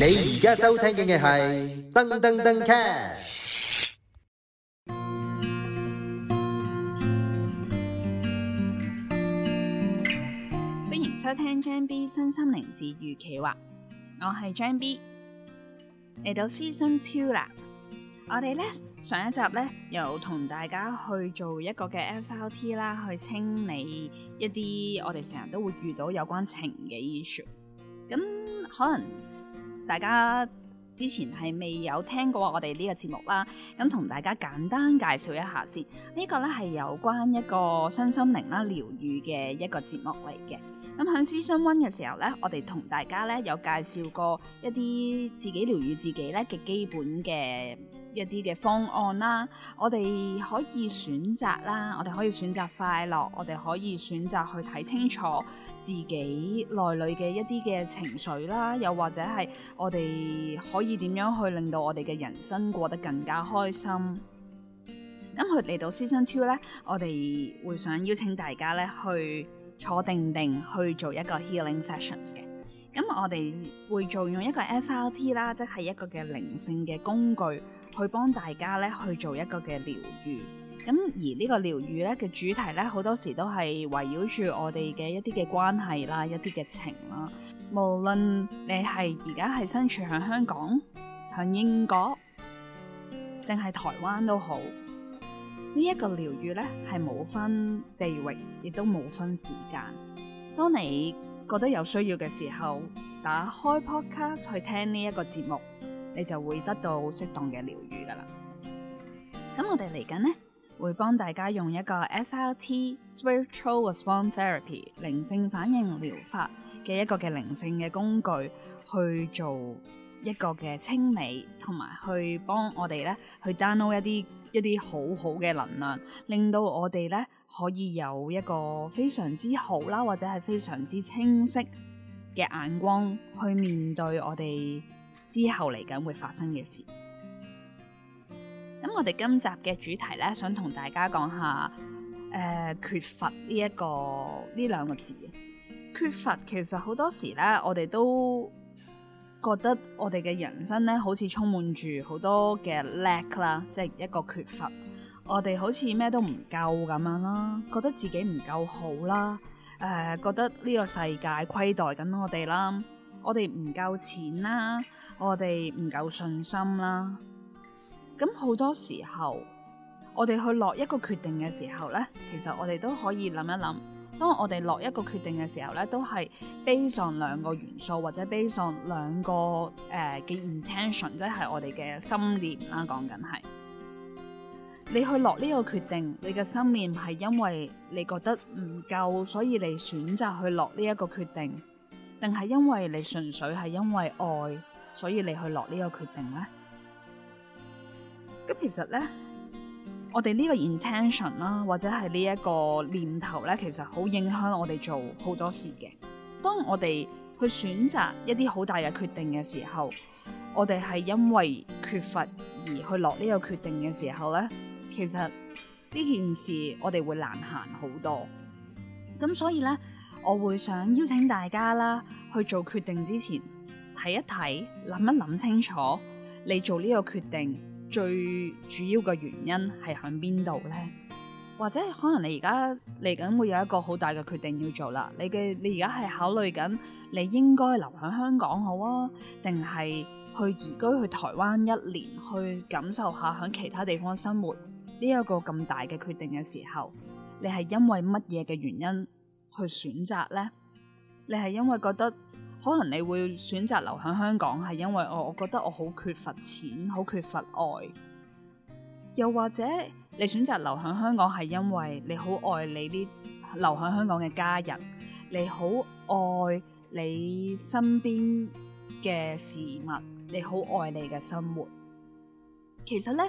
你而家收聽嘅係噔噔噔卡，歡迎收聽張 B 身心靈治愈企劃，我係張 B 嚟到 season two 啦。我哋咧上一集咧又同大家去做一個嘅 SRT 啦，去清理一啲我哋成日都會遇到有關情嘅 issue，咁可能。大家之前係未有聽過我哋呢個節目啦，咁同大家簡單介紹一下先。呢、這個呢係有關一個新心靈啦療愈嘅一個節目嚟嘅。咁響師生 o 嘅時候呢，我哋同大家呢有介紹過一啲自己療愈自己呢嘅基本嘅。一啲嘅方案啦，我哋可以選擇啦，我哋可以選擇快樂，我哋可以選擇去睇清楚自己內裏嘅一啲嘅情緒啦，又或者係我哋可以點樣去令到我哋嘅人生過得更加開心。咁佢嚟到 Season Two 咧，我哋會想邀請大家咧去坐定定去做一個 healing sessions 嘅。咁我哋會做用一個 SRT 啦，即係一個嘅靈性嘅工具。去幫大家咧去做一個嘅療癒，咁而呢個療癒咧嘅主題咧，好多時都係圍繞住我哋嘅一啲嘅關係啦，一啲嘅情啦。無論你係而家係身處響香港、響英國，定係台灣都好，這個，療呢一個療癒咧係冇分地域，亦都冇分時間。當你覺得有需要嘅時候，打開 Podcast 去聽呢一個節目。你就會得到適當嘅療愈㗎喇。咁我哋嚟緊呢，會幫大家用一個 SRT Spiritual Response Therapy 靈性反應療法嘅一個嘅靈性嘅工具去做一個嘅清理，同埋去幫我哋呢去 download 一啲一啲好好嘅能量，令到我哋呢可以有一個非常之好啦，或者係非常之清晰嘅眼光去面對我哋之後嚟緊會發生嘅事。咁我哋今集嘅主題咧，想同大家講下誒、呃、缺乏呢一個呢兩個字。缺乏其實好多時咧，我哋都覺得我哋嘅人生咧，好似充滿住好多嘅 lack 啦，即、就、係、是、一個缺乏。我哋好似咩都唔夠咁樣啦，覺得自己唔夠好啦，誒、呃、覺得呢個世界虧待緊我哋啦。我哋唔夠錢啦，我哋唔夠信心啦。咁好多時候，我哋去落一個決定嘅時候呢，其實我哋都可以諗一諗。當我哋落一個決定嘅時候呢，都係 based on 兩個元素或者 based on 兩個誒嘅、uh, intention，即係我哋嘅心念啦。講緊係你去落呢個決定，你嘅心念係因為你覺得唔夠，所以你選擇去落呢一個決定。定係因為你純粹係因為愛，所以你去落呢個決定呢？咁其實呢，我哋呢個 intention 啦，或者係呢一個念頭呢，其實好影響我哋做好多事嘅。當我哋去選擇一啲好大嘅決定嘅時候，我哋係因為缺乏而去落呢個決定嘅時候呢，其實呢件事我哋會難行好多。咁所以呢。我會想邀請大家啦，去做決定之前，睇一睇，諗一諗清楚，你做呢個決定最主要嘅原因係響邊度呢？或者可能你而家嚟緊會有一個好大嘅決定要做啦，你嘅你而家係考慮緊，你應該留響香港好啊，哦，定係去移居去台灣一年，去感受下響其他地方生活呢一個咁大嘅決定嘅時候，你係因為乜嘢嘅原因？去選擇呢？你係因為覺得可能你會選擇留喺香港，係因為我我覺得我好缺乏錢，好缺乏愛。又或者你選擇留喺香港係因為你好愛你啲留喺香港嘅家人，你好愛你身邊嘅事物，你好愛你嘅生活。其實呢，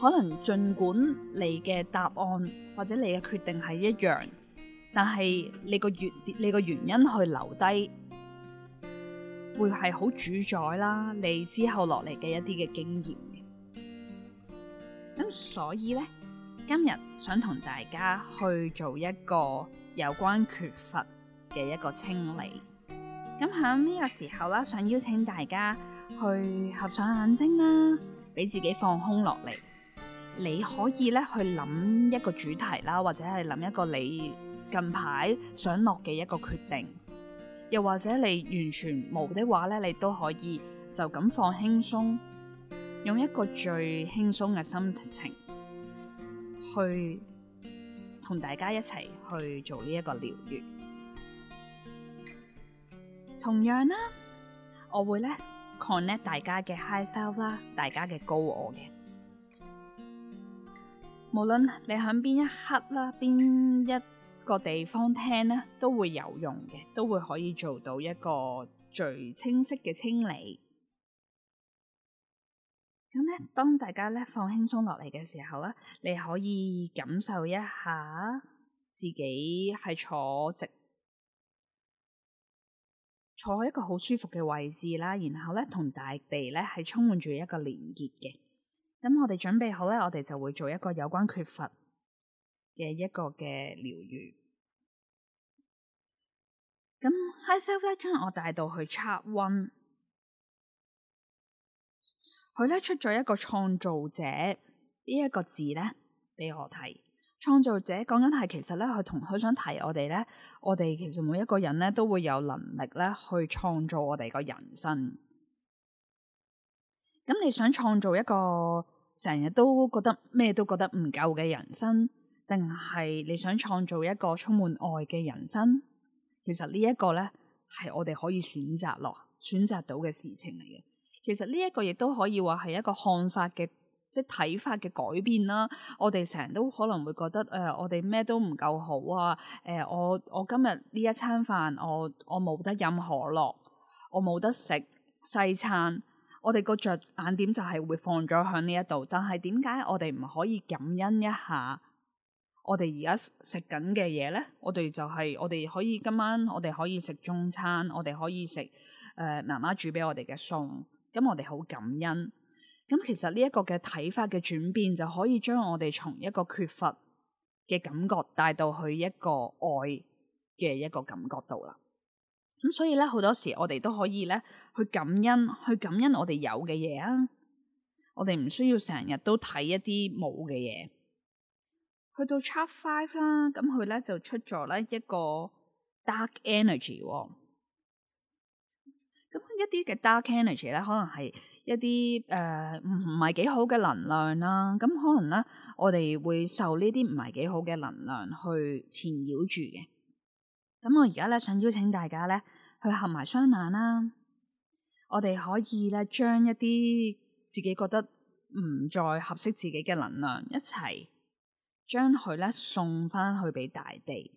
可能儘管你嘅答案或者你嘅決定係一樣。但係你個原你個原因去留低，會係好主宰啦。你之後落嚟嘅一啲嘅經驗。咁所以呢，今日想同大家去做一個有關缺乏嘅一個清理。咁喺呢個時候啦，想邀請大家去合上眼睛啦、啊，俾自己放空落嚟。你可以呢去諗一個主題啦，或者係諗一個你。近排想落嘅一個決定，又或者你完全冇的話咧，你都可以就咁放輕鬆，用一個最輕鬆嘅心情去同大家一齊去做呢一個療愈。同樣啦，我會咧 connect 大家嘅 high self 啦，大家嘅高我嘅，無論你喺邊一刻啦，邊一。個地方聽咧都會有用嘅，都會可以做到一個最清晰嘅清理。咁咧，當大家咧放輕鬆落嚟嘅時候啊，你可以感受一下自己係坐直，坐喺一個好舒服嘅位置啦。然後咧，同大地咧係充滿住一個連結嘅。咁我哋準備好咧，我哋就會做一個有關缺乏。嘅一個嘅療愈，咁 h Iself 咧將我帶到去 c h 佢咧出咗一個創造者呢一個字咧俾我睇。創造者講緊係其實咧，佢同佢想提我哋咧，我哋其實每一個人咧都會有能力咧去創造我哋個人生。咁你想創造一個成日都覺得咩都覺得唔夠嘅人生？定係你想創造一個充滿愛嘅人生，其實呢一個咧係我哋可以選擇咯，選擇到嘅事情嚟嘅。其實呢一個亦都可以話係一個看法嘅，即係睇法嘅改變啦。我哋成日都可能會覺得誒、呃，我哋咩都唔夠好啊！誒、呃，我我今日呢一餐飯，我我冇得飲可樂，我冇得食西餐，我哋個着眼點就係會放咗喺呢一度。但係點解我哋唔可以感恩一下？我哋而家食緊嘅嘢咧，我哋就係。我哋可以今晚我哋可以食中餐，我哋可以食誒媽媽煮俾我哋嘅餸，咁我哋好感恩。咁其實呢一個嘅睇法嘅轉變，就可以將我哋從一個缺乏嘅感覺帶到去一個愛嘅一個感覺度啦。咁所以咧，好多時我哋都可以咧去感恩，去感恩我哋有嘅嘢啊！我哋唔需要成日都睇一啲冇嘅嘢。去到 chapter five 啦，咁佢咧就出咗咧一個 dark energy 喎。咁一啲嘅 dark energy 咧，可能係一啲誒唔係幾好嘅能量啦。咁可能咧，我哋會受呢啲唔係幾好嘅能量去纏繞住嘅。咁我而家咧想邀請大家咧去合埋雙眼啦，我哋可以咧將一啲自己覺得唔再合適自己嘅能量一齊，將佢咧送翻去俾大地，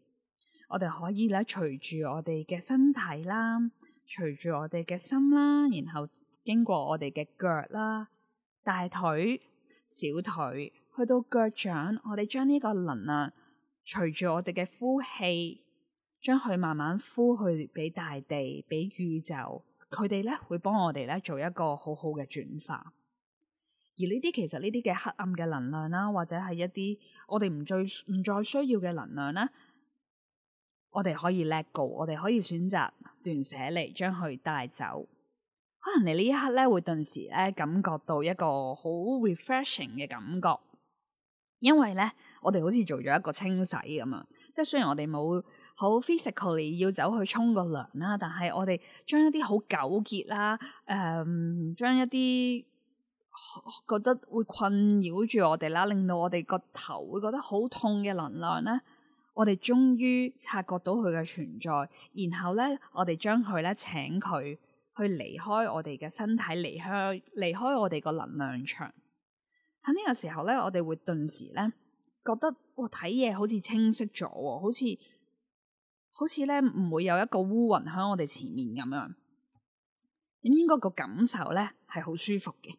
我哋可以咧隨住我哋嘅身體啦，隨住我哋嘅心啦，然後經過我哋嘅腳啦、大腿、小腿，去到腳掌，我哋將呢個能量隨住我哋嘅呼氣，將佢慢慢呼去俾大地、俾宇宙，佢哋咧會幫我哋咧做一個好好嘅轉化。而呢啲其實呢啲嘅黑暗嘅能量啦，或者係一啲我哋唔最唔再需要嘅能量啦，我哋可以 let go，我哋可以選擇斷捨離，將佢帶走。可能你呢一刻咧，會頓時咧感覺到一個好 refreshing 嘅感覺，因為咧我哋好似做咗一個清洗咁啊！即係雖然我哋冇好 physically 要走去沖個涼啦，但係我哋將一啲好糾結啦，誒、呃，將一啲。覺得會困擾住我哋啦，令到我哋個頭會覺得好痛嘅能量咧，我哋終於察覺到佢嘅存在，然後咧我哋將佢咧請佢去離開我哋嘅身體，離開離開我哋個能量場。喺呢個時候咧，我哋會頓時咧覺得哇，睇嘢好似清晰咗，好似好似咧唔會有一個烏雲喺我哋前面咁樣。咁應該個感受咧係好舒服嘅。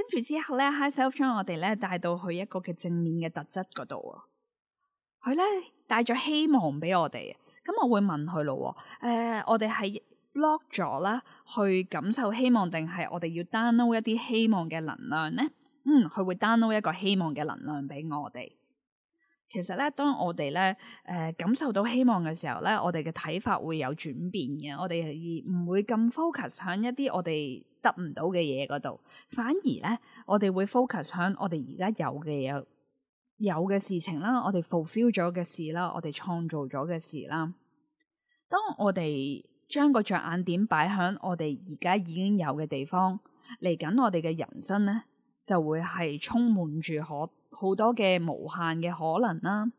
跟住之後咧，Hi Self 將我哋咧帶到去一個嘅正面嘅特質嗰度啊，佢咧帶咗希望俾我哋。咁我會問佢咯，誒、呃，我哋係 block 咗啦，去感受希望，定係我哋要 download 一啲希望嘅能量咧？嗯，佢會 download 一個希望嘅能量俾我哋。其實咧，當我哋咧誒感受到希望嘅時候咧，我哋嘅睇法會有轉變嘅，我哋唔會咁 focus 喺一啲我哋得唔到嘅嘢嗰度，反而咧，我哋會 focus 響我哋而家有嘅嘢，有嘅事情啦，我哋 fulfill 咗嘅事啦，我哋創造咗嘅事啦。當我哋將個着眼點擺響我哋而家已經有嘅地方，嚟緊我哋嘅人生咧，就會係充滿住可好多嘅無限嘅可能啦。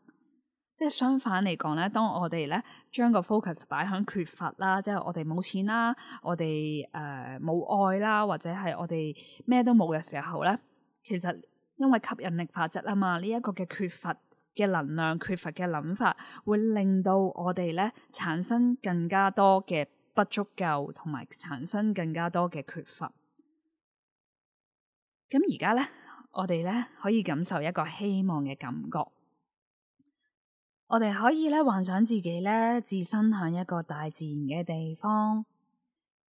即係相反嚟講咧，當我哋咧將個 focus 擺喺缺乏啦，即係我哋冇錢啦，我哋誒冇愛啦，或者係我哋咩都冇嘅時候咧，其實因為吸引力法則啊嘛，呢一個嘅缺乏嘅能量，缺乏嘅諗法，會令到我哋咧產生更加多嘅不足夠，同埋產生更加多嘅缺乏。咁而家咧，我哋咧可以感受一個希望嘅感覺。我哋可以咧幻想自己咧置身喺一個大自然嘅地方，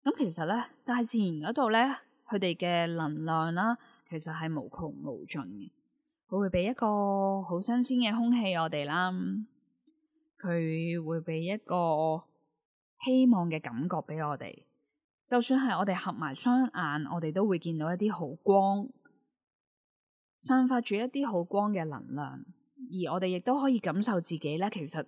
咁其實咧大自然嗰度咧，佢哋嘅能量啦，其實係無窮無盡嘅。佢會俾一個好新鮮嘅空氣我哋啦，佢會俾一個希望嘅感覺俾我哋。就算係我哋合埋雙眼，我哋都會見到一啲好光，散發住一啲好光嘅能量。而我哋亦都可以感受自己咧，其實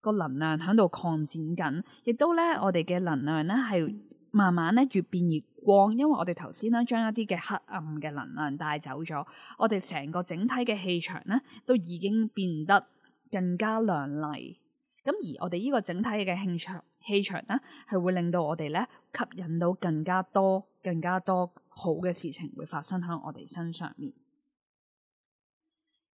個能量響度擴展緊，亦都咧我哋嘅能量咧係慢慢咧越變越光，因為我哋頭先咧將一啲嘅黑暗嘅能量帶走咗，我哋成個整體嘅氣場咧都已經變得更加亮麗。咁而我哋呢個整體嘅氣場氣場咧係會令到我哋咧吸引到更加多、更加多好嘅事情會發生喺我哋身上面。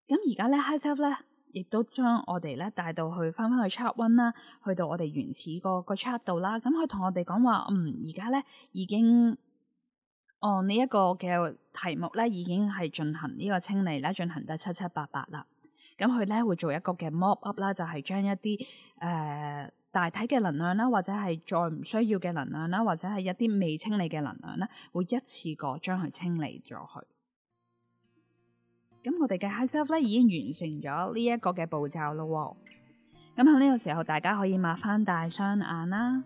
咁而家咧，High Self 咧，亦都將我哋咧帶到去翻翻去 Chart One 啦，去到我哋原始個個 Chart 度啦。咁佢同我哋講話，嗯，而家咧已經按呢一個嘅題目咧，已經係、哦這個、進行呢個清理啦，進行得七七八八啦。咁佢咧會做一個嘅 Mop Up 啦，就係將一啲誒、呃、大體嘅能量啦，或者係再唔需要嘅能量啦，或者係一啲未清理嘅能量咧，會一次過將佢清理咗去。咁我哋嘅 high self 咧已經完成咗呢一個嘅步驟咯。咁喺呢個時候，大家可以擘翻大雙眼啦，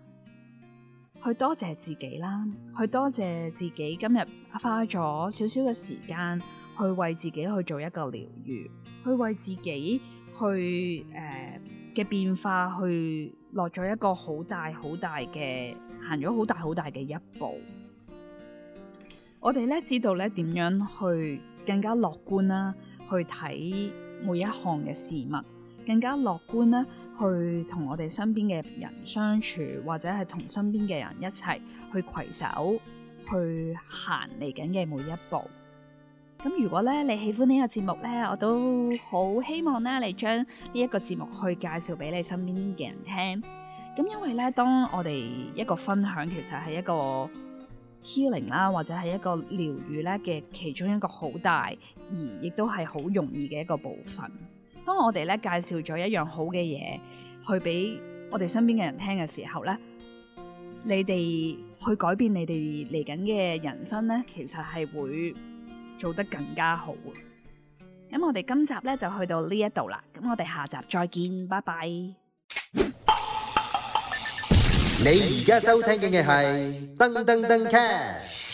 去多謝自己啦，去多謝自己今日花咗少少嘅時間去為自己去做一個療愈，去為自己去誒嘅、呃、變化去落咗一個好大好大嘅行咗好大好大嘅一步。我哋咧知道咧點樣去，更加樂觀啦，去睇每一項嘅事物；更加樂觀啦，去同我哋身邊嘅人相處，或者係同身邊嘅人一齊去攜手去行嚟緊嘅每一步。咁如果咧，你喜歡呢個節目咧，我都好希望咧，你將呢一個節目去介紹俾你身邊嘅人聽。咁因為咧，當我哋一個分享，其實係一個。healing 啦，或者係一個療愈咧嘅其中一個好大，而亦都係好容易嘅一個部分。當我哋咧介紹咗一樣好嘅嘢去俾我哋身邊嘅人聽嘅時候咧，你哋去改變你哋嚟緊嘅人生咧，其實係會做得更加好。咁我哋今集咧就去到呢一度啦，咁我哋下集再見，拜拜。你而家收聽嘅係噔噔噔 cat。